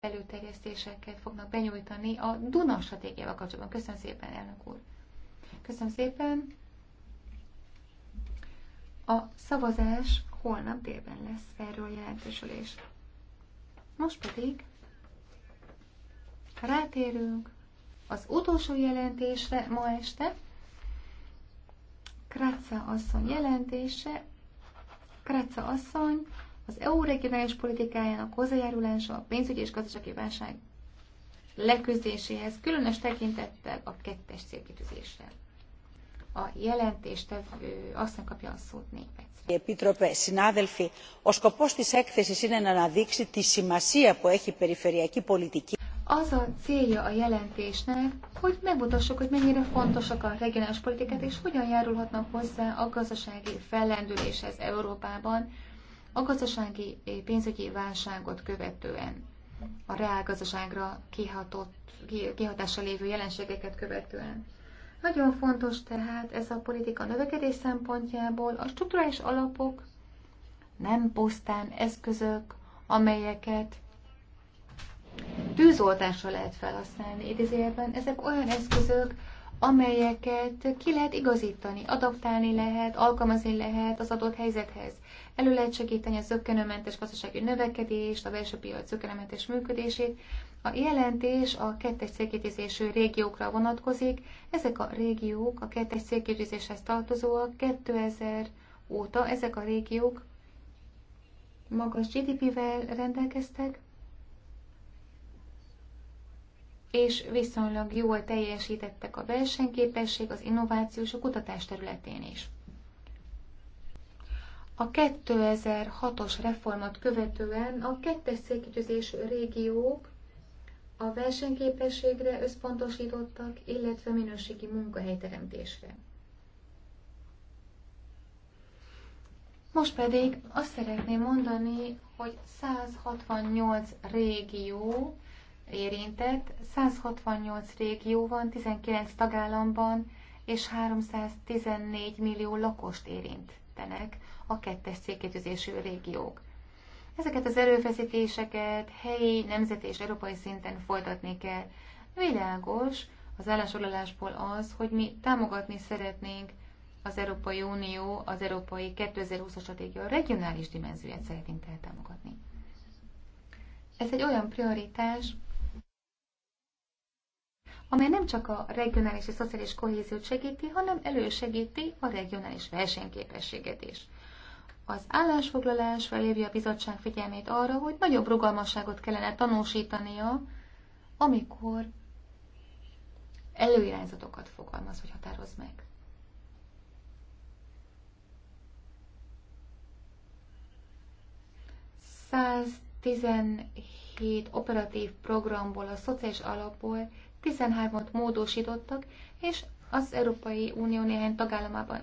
előterjesztéseket fognak benyújtani a Duna stratégiával kapcsolatban. Köszönöm szépen, elnök úr! Köszönöm szépen! A szavazás holnap délben lesz erről jelentősülés. Most pedig rátérünk az utolsó jelentésre ma este. Kratza asszony jelentése. Kratza asszony az EU regionális politikájának hozzájárulása a pénzügyi és gazdasági válság leküzdéséhez, különös tekintettel a kettes célkitűzésre. A jelentéstevő aztán kapja a szót négy Επίτροπε, συνάδελφοι, ο σκοπός της έκθεσης είναι να αναδείξει τη σημασία που έχει η περιφερειακή πολιτική. Az a célja a jelentésnek, hogy megmutassuk, hogy mennyire fontosak a regionális politikák és hogyan járulhatnak hozzá a gazdasági fellendüléshez Európában, a gazdasági eh, pénzügyi válságot követően, a reálgazdaságra kihatott, kihatással lévő jelenségeket követően. Nagyon fontos tehát ez a politika növekedés szempontjából a strukturális alapok nem pusztán eszközök, amelyeket tűzoltásra lehet felhasználni idézőjelben. Ezek olyan eszközök, amelyeket ki lehet igazítani, adaptálni lehet, alkalmazni lehet az adott helyzethez. Elő lehet segíteni a zöggenőmentes gazdasági növekedést, a belső piac zöggenőmentes működését. A jelentés a kettes célkitűzésű régiókra vonatkozik. Ezek a régiók a kettes célkitűzéshez tartozóak 2000 óta ezek a régiók magas GDP-vel rendelkeztek, és viszonylag jól teljesítettek a versenyképesség, az innovációs, a kutatás területén is. A 2006-os reformat követően a kettes székítőzés régiók a versenyképességre összpontosítottak, illetve minőségi munkahelyteremtésre. Most pedig azt szeretném mondani, hogy 168 régió érintett, 168 régió van 19 tagállamban, és 314 millió lakost érint segítenek a kettes célkétűzésű régiók. Ezeket az erőfeszítéseket helyi, nemzeti és európai szinten folytatni kell. Világos az állásolásból az, hogy mi támogatni szeretnénk az Európai Unió, az Európai 2020-as stratégia regionális dimenzióját szeretnénk támogatni. Ez egy olyan prioritás, amely nem csak a regionális és szociális kohéziót segíti, hanem elősegíti a regionális versenyképességet is. Az állásfoglalás felhívja a bizottság figyelmét arra, hogy nagyobb rugalmasságot kellene tanúsítania, amikor előirányzatokat fogalmaz vagy határoz meg. Száz 17 operatív programból, a szociális alapból 13 at módosítottak, és az Európai Unió néhány tagállamában.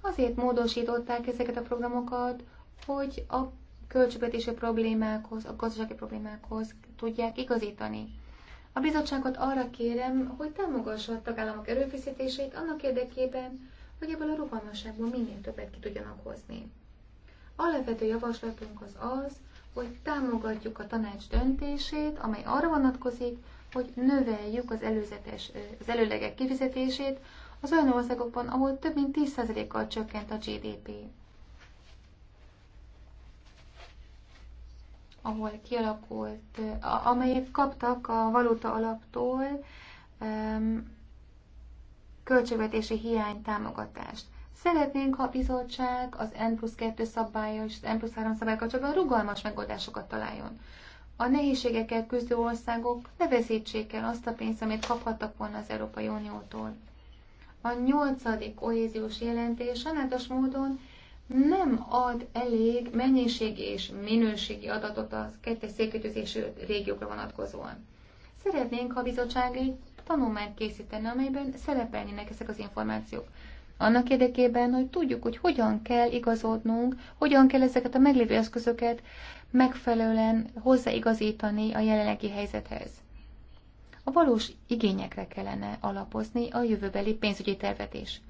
Azért módosították ezeket a programokat, hogy a költségvetési problémákhoz, a gazdasági problémákhoz tudják igazítani. A bizottságot arra kérem, hogy támogassa a tagállamok erőfeszítéseit annak érdekében, hogy ebből a rugalmasságból minél többet ki tudjanak hozni. Alapvető javaslatunk az az, hogy támogatjuk a tanács döntését, amely arra vonatkozik, hogy növeljük az, előzetes, az előlegek kifizetését az olyan országokban, ahol több mint 10%-kal csökkent a GDP. ahol kialakult, amelyet kaptak a valuta alaptól költségvetési hiány támogatást. Szeretnénk, ha a bizottság az N plusz 2 szabálya és az N plusz 3 szabály kapcsolatban rugalmas megoldásokat találjon. A nehézségekkel küzdő országok ne veszítsék el azt a pénzt, amit kaphattak volna az Európai Uniótól. A nyolcadik kohéziós jelentés sajnálatos módon nem ad elég mennyiségi és minőségi adatot a kettes szélkötözésű régiókra vonatkozóan. Szeretnénk, ha a bizottság egy tanulmányt készítene, amelyben szerepelnének ezek az információk. Annak érdekében, hogy tudjuk, hogy hogyan kell igazodnunk, hogyan kell ezeket a meglévő eszközöket megfelelően hozzáigazítani a jelenlegi helyzethez. A valós igényekre kellene alapozni a jövőbeli pénzügyi tervet is.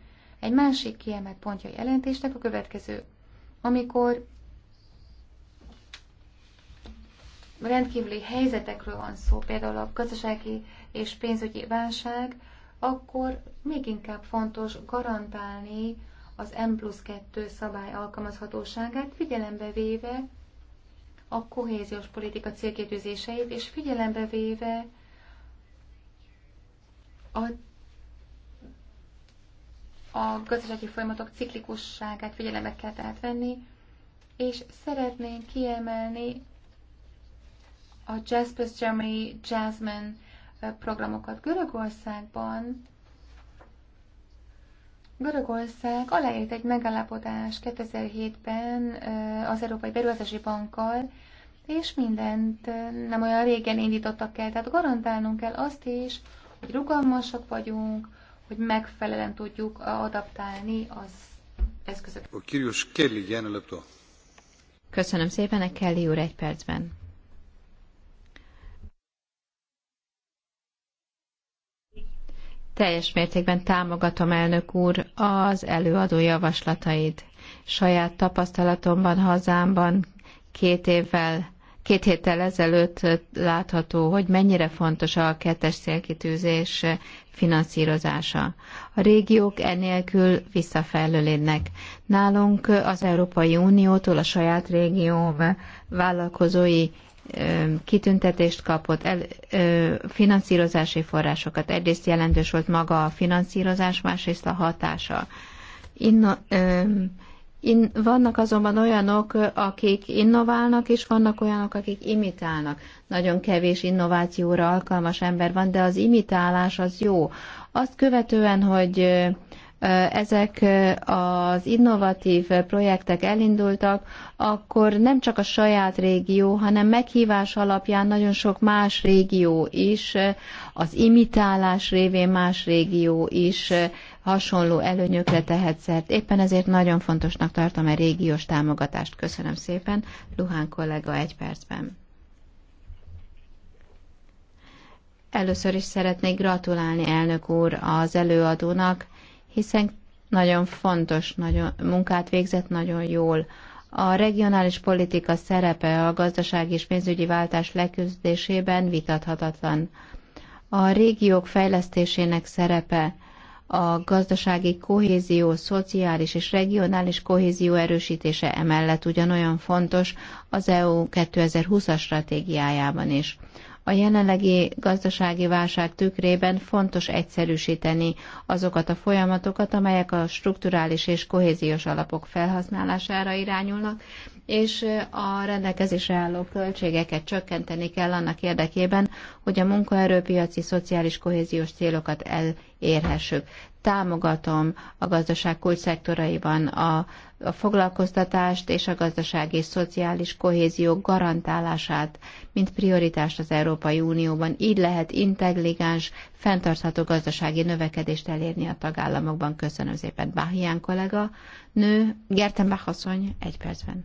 Egy másik kiemelt pontja a jelentésnek a következő. Amikor rendkívüli helyzetekről van szó, például a gazdasági és pénzügyi válság, akkor még inkább fontos garantálni az M plusz 2 szabály alkalmazhatóságát, figyelembe véve a kohéziós politika célkétűzéseit, és figyelembe véve a, a gazdasági folyamatok ciklikusságát figyelembe kell tehát venni, és szeretnénk kiemelni a Plus Germany Jasmine programokat. Görögországban Görögország aláírt egy megállapodás 2007-ben az Európai Beruházási Bankkal, és mindent nem olyan régen indítottak el. Tehát garantálnunk kell azt is, hogy rugalmasak vagyunk, hogy megfelelően tudjuk adaptálni az eszközöket. Köszönöm szépen, a Kelly úr egy percben. Teljes mértékben támogatom, elnök úr, az előadó javaslatait. Saját tapasztalatomban, hazámban két évvel, két héttel ezelőtt látható, hogy mennyire fontos a kettes célkitűzés finanszírozása. A régiók enélkül visszafejlődnek. Nálunk az Európai Uniótól a saját régió vállalkozói kitüntetést kapott, el, ö, finanszírozási forrásokat. Egyrészt jelentős volt maga a finanszírozás, másrészt a hatása. Inno, ö, in, vannak azonban olyanok, akik innoválnak, és vannak olyanok, akik imitálnak. Nagyon kevés innovációra alkalmas ember van, de az imitálás az jó. Azt követően, hogy ezek az innovatív projektek elindultak, akkor nem csak a saját régió, hanem meghívás alapján nagyon sok más régió is, az imitálás révén más régió is hasonló előnyökre tehet szert. Éppen ezért nagyon fontosnak tartom a e régiós támogatást. Köszönöm szépen, Luhán kollega egy percben. Először is szeretnék gratulálni elnök úr az előadónak hiszen nagyon fontos nagyon, munkát végzett nagyon jól. A regionális politika szerepe a gazdaság és pénzügyi váltás leküzdésében vitathatatlan. A régiók fejlesztésének szerepe a gazdasági kohézió, szociális és regionális kohézió erősítése emellett ugyanolyan fontos az EU 2020-as stratégiájában is. A jelenlegi gazdasági válság tükrében fontos egyszerűsíteni azokat a folyamatokat, amelyek a strukturális és kohéziós alapok felhasználására irányulnak, és a rendelkezésre álló költségeket csökkenteni kell annak érdekében, hogy a munkaerőpiaci szociális kohéziós célokat elérhessük. Támogatom a gazdaság kulcsszektoraiban a a foglalkoztatást és a gazdasági és szociális kohézió garantálását, mint prioritást az Európai Unióban. Így lehet intelligens, fenntartható gazdasági növekedést elérni a tagállamokban. Köszönöm szépen, Bahián kollega, nő, Gertenbach asszony, egy percben.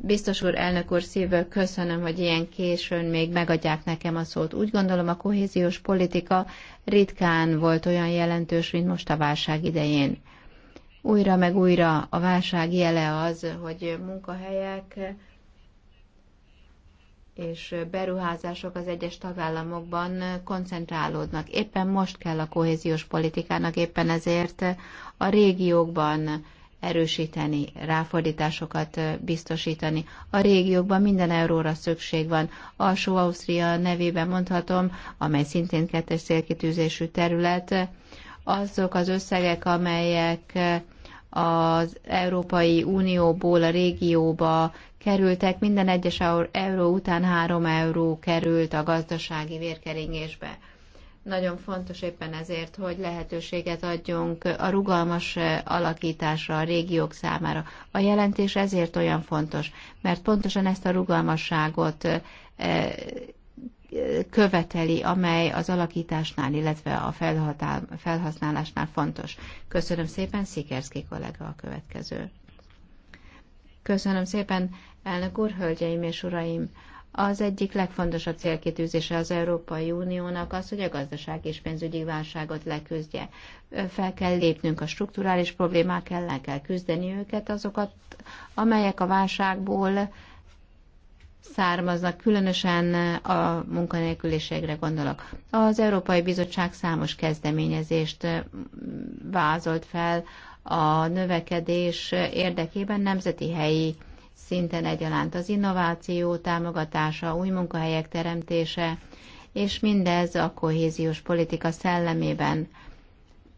Biztos úr, elnök úr, szívből köszönöm, hogy ilyen későn még megadják nekem a szót. Úgy gondolom, a kohéziós politika ritkán volt olyan jelentős, mint most a válság idején. Újra meg újra a válság jele az, hogy munkahelyek és beruházások az egyes tagállamokban koncentrálódnak. Éppen most kell a kohéziós politikának, éppen ezért a régiókban erősíteni, ráfordításokat biztosítani. A régiókban minden euróra szükség van. Alsó Ausztria nevében mondhatom, amely szintén kettes célkitűzésű terület, azok az összegek, amelyek az Európai Unióból a régióba kerültek, minden egyes euró után három euró került a gazdasági vérkeringésbe. Nagyon fontos éppen ezért, hogy lehetőséget adjunk a rugalmas eh, alakításra a régiók számára. A jelentés ezért olyan fontos, mert pontosan ezt a rugalmasságot eh, eh, követeli, amely az alakításnál, illetve a felhasználásnál fontos. Köszönöm szépen, Szikerszki kollega a következő. Köszönöm szépen, elnök úr, hölgyeim és uraim! Az egyik legfontosabb célkitűzése az Európai Uniónak az, hogy a gazdaság és pénzügyi válságot leküzdje. Fel kell lépnünk a strukturális problémák ellen, kell küzdeni őket, azokat, amelyek a válságból származnak, különösen a munkanélküliségre gondolok. Az Európai Bizottság számos kezdeményezést vázolt fel a növekedés érdekében nemzeti helyi szinten egyaránt az innováció támogatása, új munkahelyek teremtése, és mindez a kohéziós politika szellemében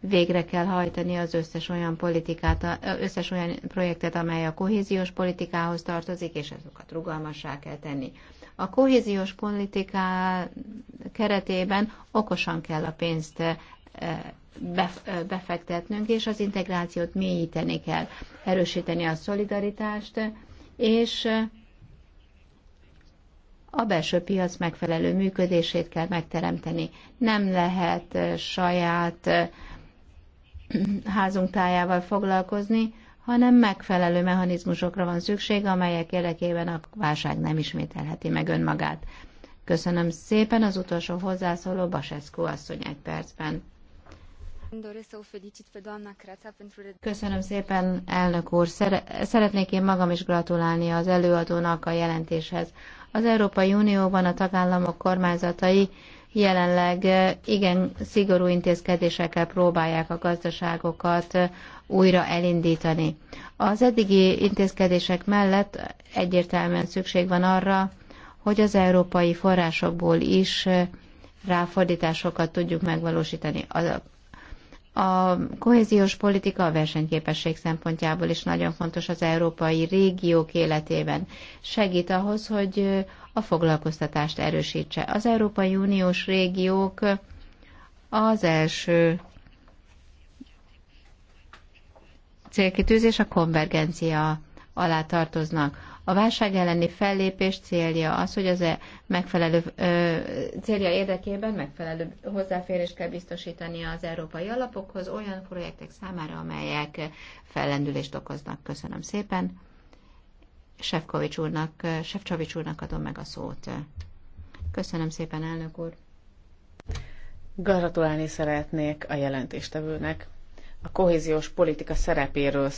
végre kell hajtani az összes olyan politikát, összes olyan projektet, amely a kohéziós politikához tartozik, és ezeket rugalmassá kell tenni. A kohéziós politiká keretében okosan kell a pénzt e, e, befektetnünk, és az integrációt mélyíteni kell, erősíteni a szolidaritást, és a belső piac megfelelő működését kell megteremteni. Nem lehet saját házunk tájával foglalkozni, hanem megfelelő mechanizmusokra van szükség, amelyek érdekében a válság nem ismételheti meg önmagát. Köszönöm szépen az utolsó hozzászóló Baseszkó asszony egy percben. Köszönöm szépen, elnök úr. Szeretnék én magam is gratulálni az előadónak a jelentéshez. Az Európai Unióban a tagállamok kormányzatai jelenleg eh, igen szigorú intézkedésekkel próbálják a gazdaságokat eh, újra elindítani. Az eddigi intézkedések mellett egyértelműen szükség van arra, hogy az európai forrásokból is eh, ráfordításokat tudjuk megvalósítani. A a kohéziós politika a versenyképesség szempontjából is nagyon fontos az európai régiók életében. Segít ahhoz, hogy a foglalkoztatást erősítse. Az Európai Uniós régiók az első célkitűzés a konvergencia alá tartoznak. A válság elleni fellépés célja az, hogy az -e megfelelő célja érdekében megfelelő hozzáférést kell biztosítani az európai alapokhoz olyan projektek számára, amelyek fellendülést okoznak. Köszönöm szépen. Sefcovics úrnak, Sefcsovics úrnak adom meg a szót. Köszönöm szépen, elnök úr. Gratulálni szeretnék a jelentéstevőnek a kohéziós politika szerepéről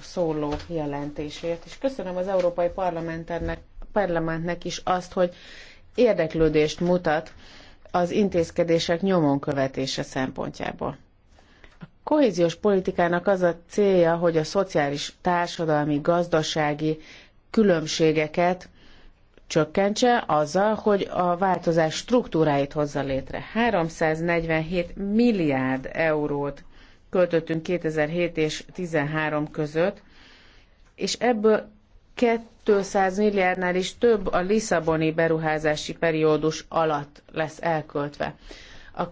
szóló jelentésért, és köszönöm az Európai Parlamentnek, Parlamentnek is azt, hogy érdeklődést mutat az intézkedések nyomon követése szempontjából. A kohéziós politikának az a célja, hogy a szociális, társadalmi, gazdasági különbségeket csökkentse azzal, hogy a változás struktúráit hozza létre. 347 milliárd eurót költöttünk 2007 és 2013 között, és ebből 200 milliárdnál is több a Lisszaboni beruházási periódus alatt lesz elköltve. A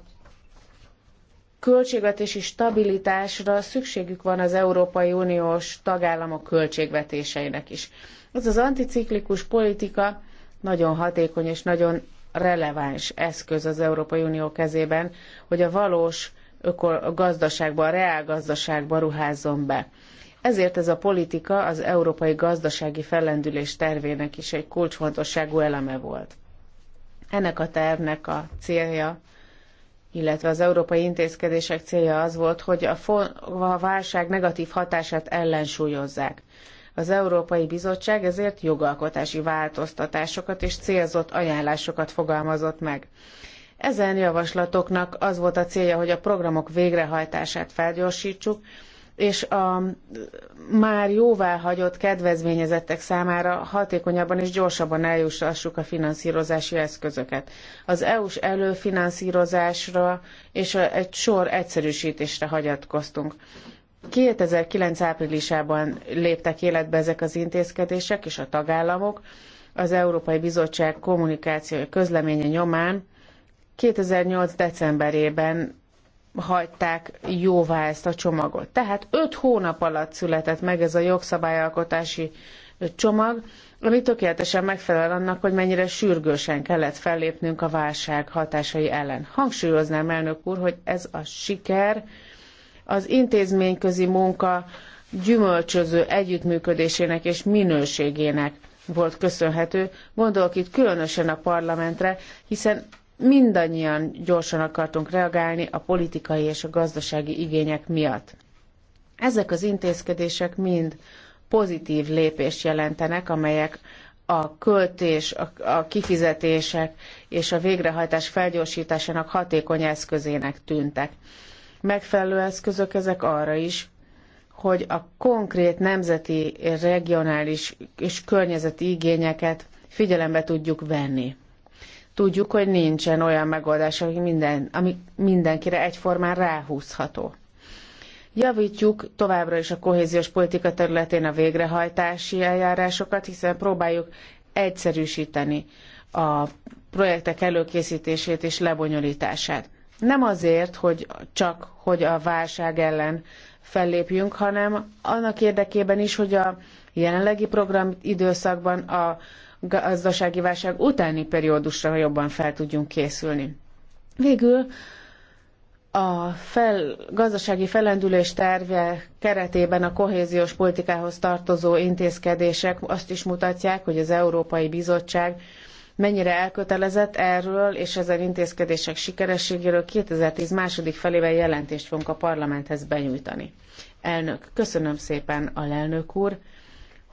költségvetési stabilitásra szükségük van az Európai Uniós tagállamok költségvetéseinek is. Ez az anticiklikus politika nagyon hatékony és nagyon releváns eszköz az Európai Unió kezében, hogy a valós a gazdaságba, a reál gazdaságban ruházzon be. Ezért ez a politika az európai gazdasági fellendülés tervének is egy kulcsfontosságú eleme volt. Ennek a tervnek a célja, illetve az európai intézkedések célja az volt, hogy a, a válság negatív hatását ellensúlyozzák. Az Európai Bizottság ezért jogalkotási változtatásokat és célzott ajánlásokat fogalmazott meg. Ezen javaslatoknak az volt a célja, hogy a programok végrehajtását felgyorsítsuk, és a már jóváhagyott kedvezményezettek számára hatékonyabban és gyorsabban eljussassuk a finanszírozási eszközöket. Az EU-s előfinanszírozásra és egy sor egyszerűsítésre hagyatkoztunk. 2009 áprilisában léptek életbe ezek az intézkedések és a tagállamok az Európai Bizottság kommunikációja közleménye nyomán 2008. decemberében hagyták jóvá ezt a csomagot. Tehát öt hónap alatt született meg ez a jogszabályalkotási csomag, ami tökéletesen megfelel annak, hogy mennyire sürgősen kellett fellépnünk a válság hatásai ellen. Hangsúlyoznám, elnök úr, hogy ez a siker az intézményközi munka gyümölcsöző együttműködésének és minőségének volt köszönhető. Gondolok itt különösen a parlamentre, hiszen mindannyian gyorsan akartunk reagálni a politikai és a gazdasági igények miatt. Ezek az intézkedések mind pozitív lépést jelentenek, amelyek a költés, a, kifizetések és a végrehajtás felgyorsításának hatékony eszközének tűntek. Megfelelő eszközök ezek arra is, hogy a konkrét nemzeti, regionális és környezeti igényeket figyelembe tudjuk venni. Tudjuk, hogy nincsen olyan megoldás, ami, minden, ami mindenkire egyformán ráhúzható. Javítjuk továbbra is a kohéziós politika területén a végrehajtási eljárásokat, hiszen próbáljuk egyszerűsíteni a projektek előkészítését és lebonyolítását. Nem azért, hogy csak hogy a válság ellen fellépjünk, hanem annak érdekében is, hogy a jelenlegi program időszakban a gazdasági válság utáni periódusra jobban fel tudjunk készülni. Végül a fel, gazdasági felendülés terve keretében a kohéziós politikához tartozó intézkedések azt is mutatják, hogy az Európai Bizottság mennyire elkötelezett erről és ezen intézkedések sikerességéről 2010 második felében jelentést fogunk a parlamenthez benyújtani. Elnök, köszönöm szépen a lelnök úr.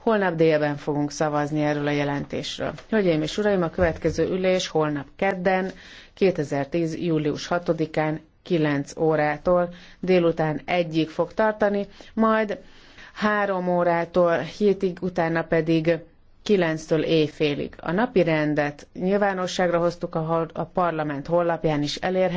Holnap délben fogunk szavazni erről a jelentésről. Hölgyeim és uraim, a következő ülés holnap kedden, 2010. július 6-án 9 órától délután egyig fog tartani, majd 3 órától 7-ig, utána pedig 9-től éjfélig. A napi rendet nyilvánosságra hoztuk a, a parlament honlapján is elérhető.